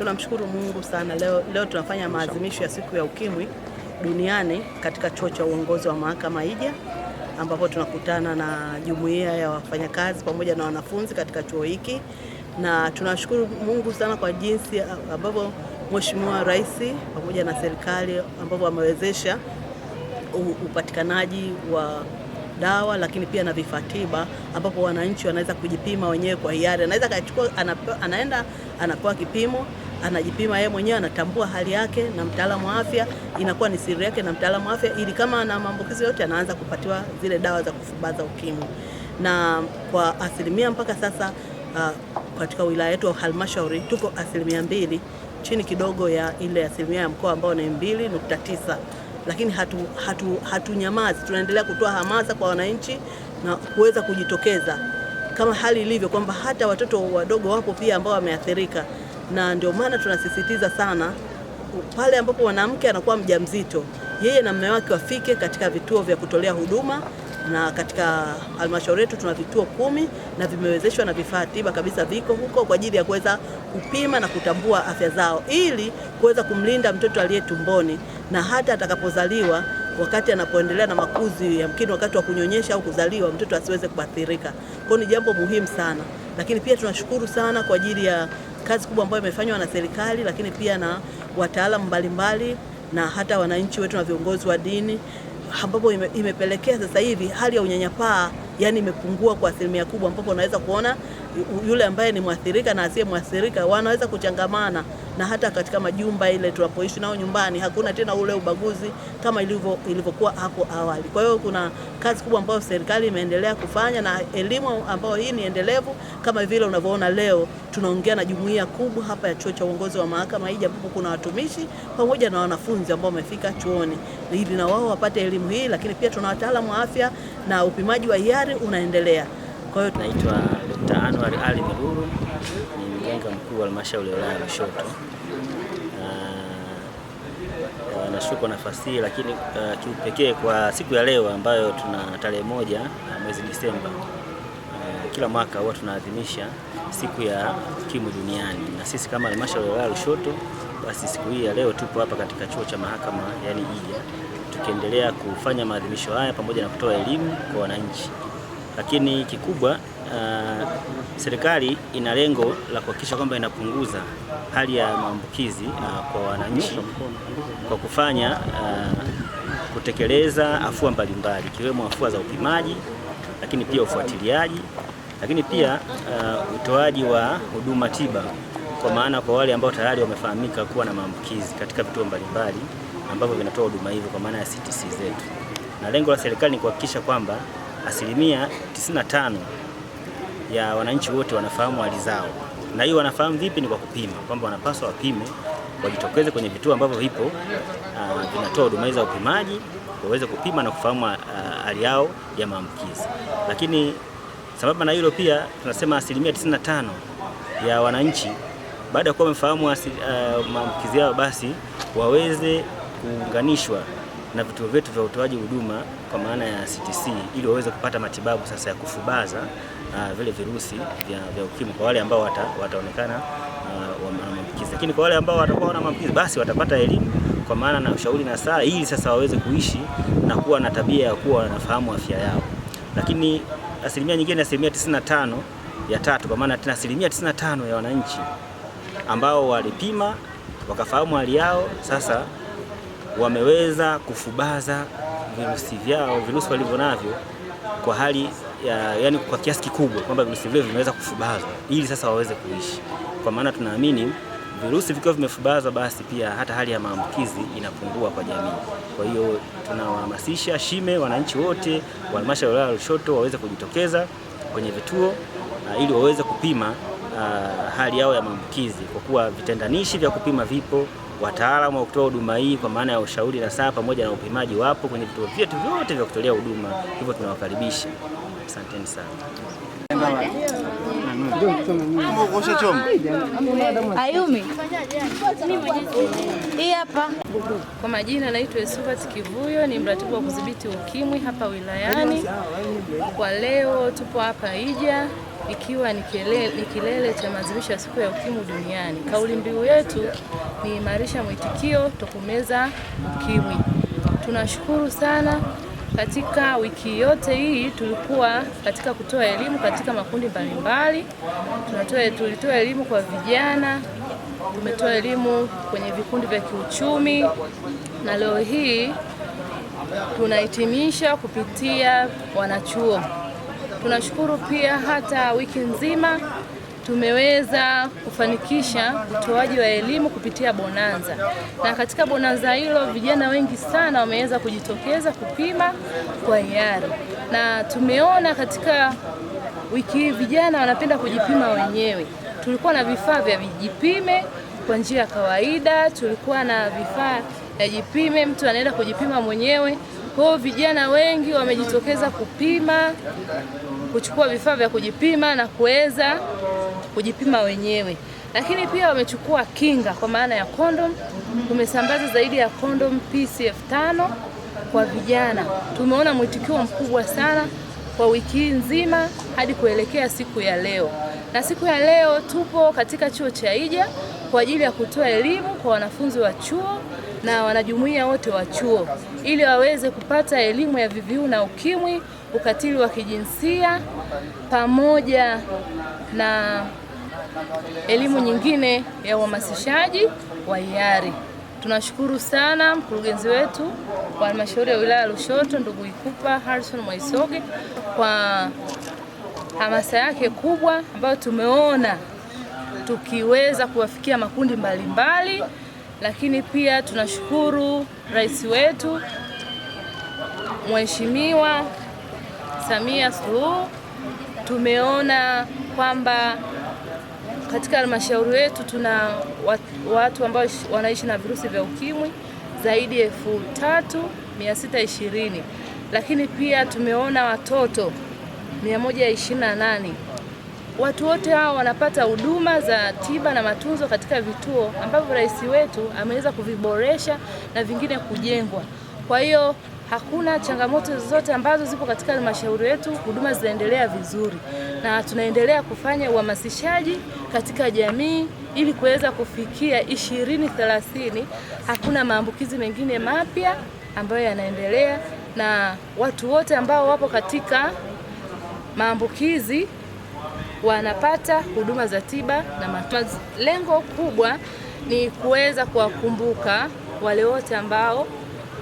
Tunamshukuru Mungu sana leo, leo tunafanya maadhimisho ya siku ya ukimwi duniani katika chuo cha uongozi wa mahakama Ija, ambapo tunakutana na jumuiya ya wafanyakazi pamoja na wanafunzi katika chuo hiki, na tunashukuru Mungu sana kwa jinsi ambavyo Mheshimiwa Rais pamoja na serikali ambavyo wamewezesha upatikanaji wa dawa lakini pia na vifaa tiba, ambapo wananchi wanaweza kujipima wenyewe kwa hiari, anaweza anaenda anapewa kipimo anajipima yeye mwenyewe, anatambua hali yake na mtaalamu wa afya, inakuwa ni siri yake na mtaalamu wa afya, ili kama ana maambukizi yote anaanza kupatiwa zile dawa za kufubaza ukimwi. Na kwa asilimia mpaka sasa uh, katika wilaya yetu wa halmashauri tuko asilimia mbili, chini kidogo ya ile asilimia ya mkoa ambao ni mbili nukta tisa lakini hatunyamazi, hatu, hatu tunaendelea kutoa hamasa kwa wananchi na kuweza kujitokeza kama hali ilivyo kwamba hata watoto wadogo wapo pia ambao wameathirika na ndio maana tunasisitiza sana pale ambapo mwanamke anakuwa mjamzito, yeye na mume wake wafike katika vituo vya kutolea huduma na katika halmashauri yetu tuna vituo kumi na vimewezeshwa na vifaa tiba kabisa viko huko kwa ajili ya kuweza kupima na kutambua afya zao ili kuweza kumlinda mtoto aliye tumboni na hata atakapozaliwa, wakati anapoendelea na makuzi, yamkini wakati wa kunyonyesha au kuzaliwa, mtoto asiweze kuathirika. Kwa hiyo ni jambo muhimu sana, lakini pia tunashukuru sana kwa ajili ya kazi kubwa ambayo imefanywa na serikali, lakini pia na wataalamu mbalimbali na hata wananchi wetu na viongozi wa dini, ambapo ime, imepelekea sasa hivi hali ya unyanyapaa yani imepungua kwa asilimia kubwa, ambapo unaweza kuona yule ambaye ni mwathirika na asiye mwathirika wanaweza kuchangamana, na hata katika majumba ile tunapoishi nao nyumbani, hakuna tena ule ubaguzi kama ilivyo ilivyokuwa hapo awali. Kwa hiyo kuna kazi kubwa ambayo serikali imeendelea kufanya na elimu ambayo hii ni endelevu, kama vile unavyoona leo tunaongea na jumuiya kubwa hapa ya chuo cha uongozi wa mahakama hii, japo kuna watumishi pamoja na wanafunzi ambao wamefika chuoni ili na wao wapate elimu hii, lakini pia tuna wataalamu wa afya na upimaji wa hiari unaendelea. Kwa hiyo naitwa Dr. Anwar Ali Miruru, ni mganga mkuu wa halmashauri ya wilaya ya Lushoto. Ah, eh, nashukuru nafasi hii, lakini eh, kiupekee kwa siku ya leo ambayo tuna tarehe moja eh, mwezi Disemba, kila mwaka huwa tunaadhimisha siku ya UKIMWI duniani, na sisi kama halmashauri ya wilaya ya Lushoto, basi siku hii ya leo tupo hapa katika chuo cha mahakama, yani JIJA, tukiendelea kufanya maadhimisho haya pamoja na kutoa elimu kwa wananchi. Lakini kikubwa uh, serikali ina lengo la kuhakikisha kwamba inapunguza hali ya maambukizi uh, kwa wananchi kwa kufanya uh, kutekeleza afua mbalimbali ikiwemo afua za upimaji, lakini pia ufuatiliaji, lakini pia uh, utoaji wa huduma tiba kwa maana kwa wale ambao tayari wamefahamika kuwa na maambukizi katika vituo mbalimbali ambavyo vinatoa huduma hivyo kwa maana ya CTC zetu, na lengo la serikali ni kuhakikisha kwamba asilimia 95 ya wananchi wote wanafahamu hali zao, na hiyo wanafahamu vipi? Ni kwa kupima, kwamba wanapaswa wapime, wajitokeze kwenye vituo ambavyo vipo ah, vinatoa huduma za upimaji, waweze kupima na kufahamu ah, hali yao ya maambukizi. Lakini sambamba na hilo pia tunasema asilimia 95 ya wananchi baada ya kuwa wamefahamu ah, maambukizi yao, basi waweze kuunganishwa na vituo vyetu vya utoaji huduma kwa maana ya CTC ili waweze kupata matibabu sasa ya kufubaza uh, vile virusi vya, vya ukimwi kwa wale ambao wata, wataonekana uh, wana maambukizi, lakini kwa wale ambao watakuwa wana maambukizi basi watapata elimu kwa maana na ushauri na saa ili sasa waweze kuishi na kuwa na tabia ya kuwa wanafahamu afya yao. Lakini asilimia nyingine, asilimia 95 ya tatu, kwa maana tena asilimia 95 ya wananchi ambao walipima wakafahamu hali yao sasa wameweza kufubaza virusi vyao, virusi walivyo navyo kwa hali ya, yani kwa kiasi kikubwa kwamba virusi vile vimeweza kufubazwa ili sasa waweze kuishi. Kwa maana tunaamini virusi vikiwa vimefubazwa, basi pia hata hali ya maambukizi inapungua kwa jamii. Kwa hiyo tunawahamasisha shime, wananchi wote wa halmashauri ya Lushoto waweze kujitokeza kwenye vituo uh, ili waweze kupima uh, hali yao ya maambukizi kwa kuwa vitendanishi vya kupima vipo. Wataalamu wa kutoa huduma hii kwa maana ya ushauri na saa pamoja na upimaji wapo kwenye vituo vyetu vyote vya kutolea huduma, hivyo tunawakaribisha. Asanteni sana. Ayumi, hii hapa. Kwa majina naitwa Esufat Kivuyo, ni mratibu wa kudhibiti ukimwi hapa wilayani. Kwa leo tupo hapa Ija ikiwa ni kilele cha maadhimisho ya siku ya ukimwi duniani. Kauli mbiu yetu ni imarisha mwitikio, tokomeza ukimwi. Tunashukuru sana katika wiki yote hii tulikuwa katika kutoa elimu katika makundi mbalimbali. Tunatoa, tulitoa elimu kwa vijana, tumetoa elimu kwenye vikundi vya kiuchumi, na leo hii tunahitimisha kupitia wanachuo. Tunashukuru pia hata wiki nzima tumeweza kufanikisha utoaji wa elimu kupitia bonanza, na katika bonanza hilo vijana wengi sana wameweza kujitokeza kupima kwa hiari, na tumeona katika wiki hii vijana wanapenda kujipima wenyewe. Tulikuwa na vifaa vya vijipime kwa njia ya kawaida, tulikuwa na vifaa vya jipime, mtu anaenda kujipima mwenyewe. Kwa hiyo vijana wengi wamejitokeza kupima kuchukua vifaa vya kujipima na kuweza kujipima wenyewe, lakini pia wamechukua kinga kwa maana ya kondom. Tumesambaza zaidi ya kondom pcf5 kwa vijana. Tumeona mwitikio mkubwa sana kwa wiki nzima hadi kuelekea siku ya leo, na siku ya leo tupo katika chuo cha Ija kwa ajili ya kutoa elimu kwa wanafunzi wa chuo na wanajumuiya wote wa chuo ili waweze kupata elimu ya VVU na UKIMWI ukatili wa kijinsia pamoja na elimu nyingine ya uhamasishaji wa hiari. Tunashukuru sana mkurugenzi wetu wa halmashauri ya wilaya Lushoto, ndugu Ikupa Harrison Mwaisoge kwa hamasa yake kubwa ambayo tumeona tukiweza kuwafikia makundi mbalimbali mbali, lakini pia tunashukuru rais wetu Mheshimiwa Samia Suluhu tumeona kwamba katika halmashauri yetu tuna watu ambao wanaishi na virusi vya ukimwi zaidi ya elfu tatu mia sita ishirini lakini pia tumeona watoto 128. Watu wote hao wanapata huduma za tiba na matunzo katika vituo ambavyo rais wetu ameweza kuviboresha na vingine kujengwa. Kwa hiyo hakuna changamoto zozote ambazo zipo katika halmashauri yetu. Huduma zinaendelea vizuri na tunaendelea kufanya uhamasishaji katika jamii ili kuweza kufikia ishirini thelathini hakuna maambukizi mengine mapya ambayo yanaendelea, na watu wote ambao wapo katika maambukizi wanapata huduma za tiba na matibabu. Lengo kubwa ni kuweza kuwakumbuka wale wote ambao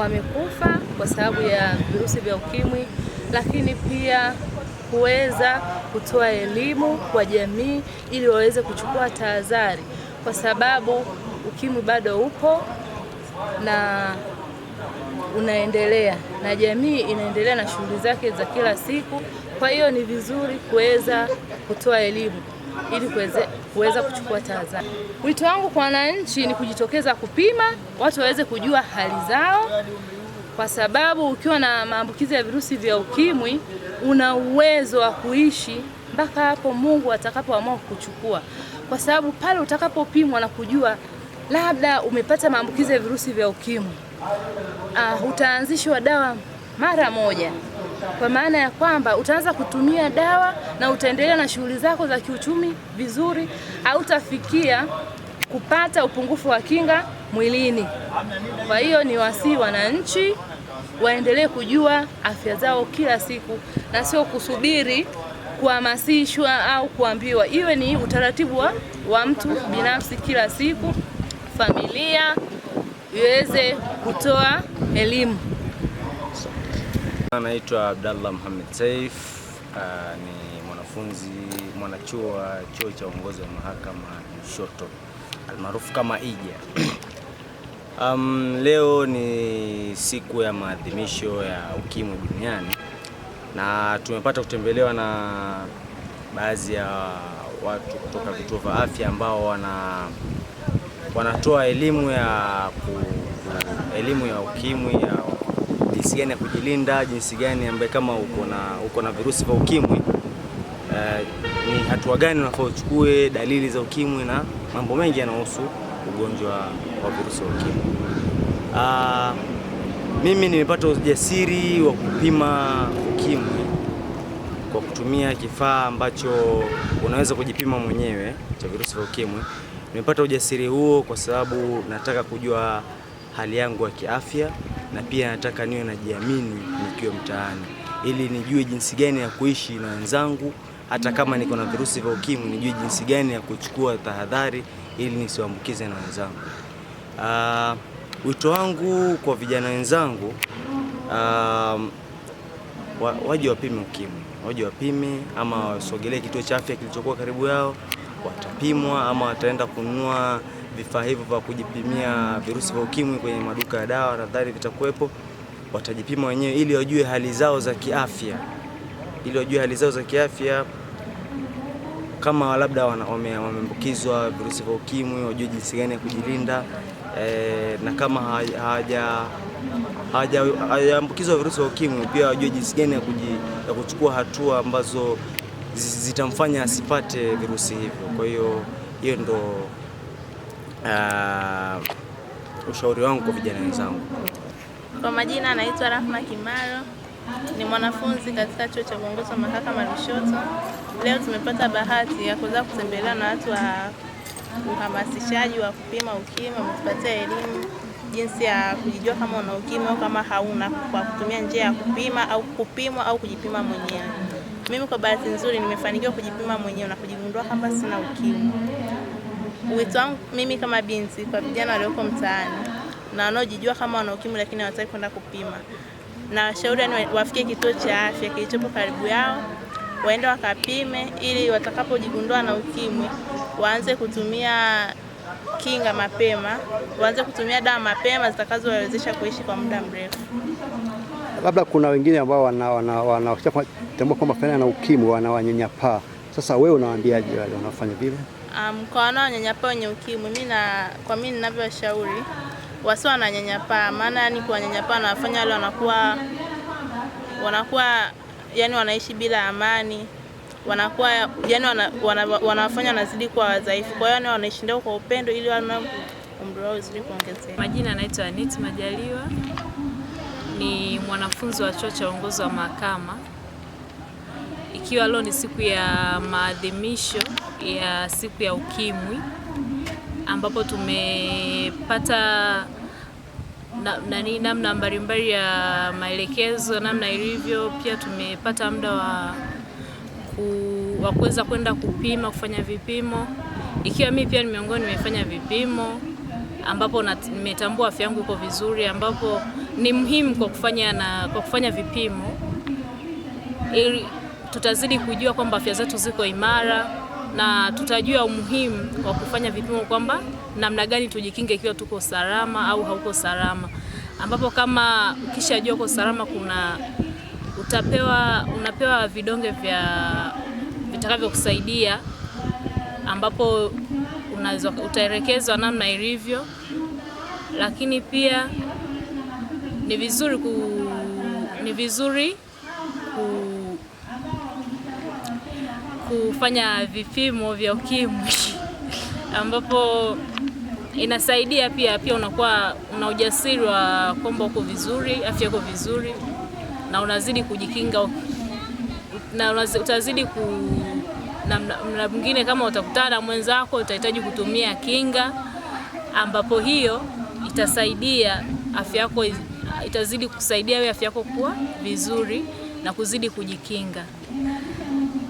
wamekufa kwa sababu ya virusi vya ukimwi, lakini pia kuweza kutoa elimu kwa jamii ili waweze kuchukua tahadhari, kwa sababu ukimwi bado upo na unaendelea na jamii inaendelea na shughuli zake za kila siku. Kwa hiyo ni vizuri kuweza kutoa elimu ili kuweze kuweza kuchukua tahadhari. Wito wangu kwa wananchi ni kujitokeza kupima, watu waweze kujua hali zao, kwa sababu ukiwa na maambukizi ya virusi vya ukimwi una uwezo wa kuishi mpaka hapo Mungu atakapoamua kukuchukua, kwa sababu pale utakapopimwa na kujua labda umepata maambukizi ya virusi vya ukimwi, uh, utaanzishwa dawa mara moja kwa maana ya kwamba utaanza kutumia dawa na utaendelea na shughuli zako za kiuchumi vizuri, hautafikia kupata upungufu wa kinga mwilini. Kwa hiyo ni wasii wananchi waendelee kujua afya zao kila siku na sio kusubiri kuhamasishwa au kuambiwa, iwe ni utaratibu wa, wa mtu binafsi kila siku, familia iweze kutoa elimu. Naitwa Abdallah Mohamed Saif, uh, ni mwanafunzi mwanachuo wa chuo cha uongozi wa mahakama Lushoto almaarufu kama IJA. Um, leo ni siku ya maadhimisho ya ukimwi duniani na tumepata kutembelewa na baadhi ya watu kutoka vituo vya afya ambao wana wanatoa elimu ya ku, elimu ya ukimwi ya jinsi gani ya kujilinda, jinsi gani ambaye kama uko na uko na virusi vya ukimwi uh, ni hatua gani unafaa uchukue, dalili za ukimwi na mambo mengi yanayohusu ugonjwa wa virusi vya ukimwi. Uh, mimi nimepata ujasiri wa kupima ukimwi kwa kutumia kifaa ambacho unaweza kujipima mwenyewe cha virusi vya ukimwi. Nimepata ujasiri huo kwa sababu nataka kujua hali yangu ya kiafya na pia nataka niwe najiamini nikiwa mtaani, ili nijue jinsi gani ya kuishi na wenzangu, hata kama niko na virusi vya ukimwi, nijue jinsi gani ya kuchukua tahadhari ili nisiwaambukize na wenzangu. Uh, wito wangu kwa vijana wenzangu uh, waje wapime ukimwi, waje wapime ama wasogelee kituo cha afya kilichokuwa karibu yao, watapimwa ama wataenda kununua vifaa hivyo vya kujipimia virusi vya ukimwi kwenye maduka ya dawa, nadhani vitakuwepo. Watajipima wenyewe ili wajue hali zao za kiafya, ili wajue hali zao za kiafya kama labda wameambukizwa virusi vya ukimwi, wajue jinsi gani ya kujilinda e, na kama hawajaambukizwa virusi vya ukimwi pia wajue jinsi gani ya kuchukua hatua ambazo zitamfanya asipate virusi hivyo. Kwa hiyo hiyo ndo uh, ushauri wangu kwa vijana wenzangu. Kwa majina anaitwa Rahma Kimaro, ni mwanafunzi katika chuo cha uongozi wa mahakama Lushoto. Leo tumepata bahati ya kuweza kutembelea na watu wa uhamasishaji wa kupima ukimwi, wametupatia elimu jinsi ya kujijua kama una ukimwi au kama hauna kwa kutumia njia ya kupima au kupimwa au kujipima mwenyewe. Mimi kwa bahati nzuri nimefanikiwa kujipima mwenyewe na kujigundua kama sina ukimwi. Wito wangu mimi kama binti kwa vijana walioko mtaani na wanaojijua kama wana ukimwi lakini hawataki kwenda kupima, na washauri wafikie kituo cha afya kilichopo karibu yao, waende wakapime, ili watakapojigundua na ukimwi waanze kutumia kinga mapema, waanze kutumia dawa mapema zitakazowawezesha kuishi kwa muda mrefu. Labda kuna wengine ambao wanatambua kwamba fulani ana ukimwi, wanawanyanyapaa. Sasa wewe unawaambiaje wale wanafanya vile? Um, kwa wanaonyanyapaa wenye ukimwi mimi na kwa mimi ninavyoshauri wasi wananyanyapaa, maana yani kuwanyanyapaa wanafanya wale wanakuwa wanakuwa yani wanaishi bila amani, wanakuwa yani wanafanya wana, wanazidi kuwa wadhaifu. Kwa hiyo yani wanaishi ndio kwa upendo ili wale umri wao uzidi kuongezeka. Majina anaitwa Anit Majaliwa, ni mwanafunzi wa chuo cha uongozi wa mahakama, ikiwa leo ni siku ya maadhimisho ya siku ya ukimwi ambapo tumepata nani namna mbalimbali ya maelekezo namna ilivyo. Pia tumepata muda wa ku, kuweza kwenda kupima kufanya vipimo, ikiwa mimi pia ni miongoni nimefanya vipimo ambapo nimetambua afya yangu iko vizuri, ambapo ni muhimu kwa kufanya na kwa kufanya vipimo ili tutazidi kujua kwamba afya zetu ziko imara na tutajua umuhimu wa kufanya vipimo kwamba namna gani tujikinge ikiwa tuko salama au hauko salama, ambapo kama ukishajua uko salama, kuna utapewa unapewa vidonge vya vitakavyokusaidia ambapo unaweza utaelekezwa namna ilivyo, lakini pia ni vizuri ku, ni vizuri ku kufanya vipimo vya ukimwi ambapo inasaidia pia, pia unakuwa una ujasiri wa kwamba uko vizuri, afya yako vizuri, na unazidi kujikinga na utazidi ku na mwingine, kama utakutana na mwenzako utahitaji kutumia kinga, ambapo hiyo itasaidia afya yako, itazidi kusaidia wewe afya yako kuwa vizuri na kuzidi kujikinga.